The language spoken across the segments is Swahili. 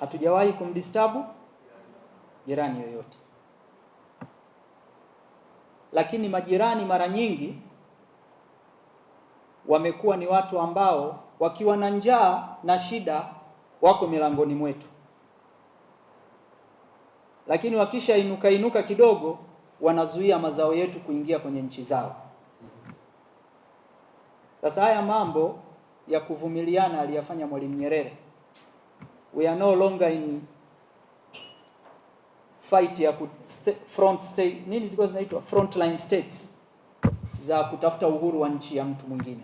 hatujawahi kumdistabu jirani yoyote, lakini majirani mara nyingi wamekuwa ni watu ambao wakiwa na njaa na shida wako milangoni mwetu, lakini wakisha inuka inuka kidogo wanazuia mazao yetu kuingia kwenye nchi zao. Sasa haya mambo ya kuvumiliana aliyafanya Mwalimu Nyerere we are no longer in fight ya ku front state nini zilikuwa zinaitwa frontline states za kutafuta uhuru wa nchi ya mtu mwingine.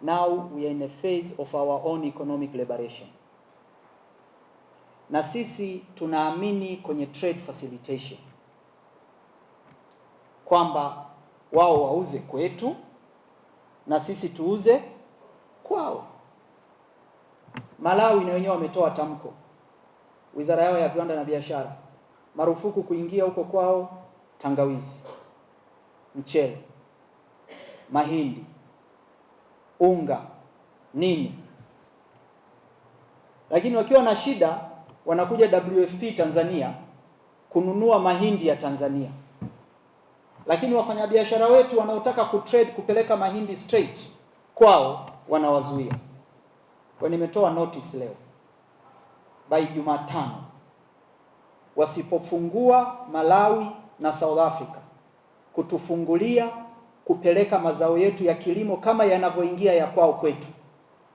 Now we are in a phase of our own economic liberation, na sisi tunaamini kwenye trade facilitation kwamba wao wauze kwetu na sisi tuuze kwao. Malawi na wenyewe wametoa tamko, wizara yao ya viwanda na biashara, marufuku kuingia huko kwao tangawizi, mchele, mahindi, unga, nini. Lakini wakiwa na shida wanakuja WFP Tanzania kununua mahindi ya Tanzania, lakini wafanyabiashara wetu wanaotaka kutrade kupeleka mahindi straight kwao wanawazuia. Kwa nimetoa notice leo by Jumatano, wasipofungua Malawi na South Africa kutufungulia kupeleka mazao yetu ya kilimo kama yanavyoingia ya kwao kwetu,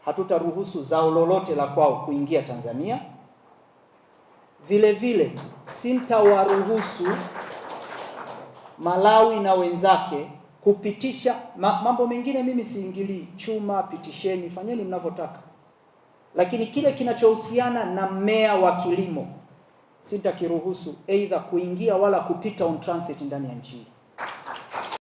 hatutaruhusu zao lolote la kwao kuingia Tanzania. Vile vile sintawaruhusu Malawi na wenzake kupitisha ma, mambo mengine mimi siingilii. Chuma pitisheni, fanyeni mnavyotaka lakini kile kinachohusiana na mmea wa kilimo sitakiruhusu aidha kuingia wala kupita on transit ndani ya nchi.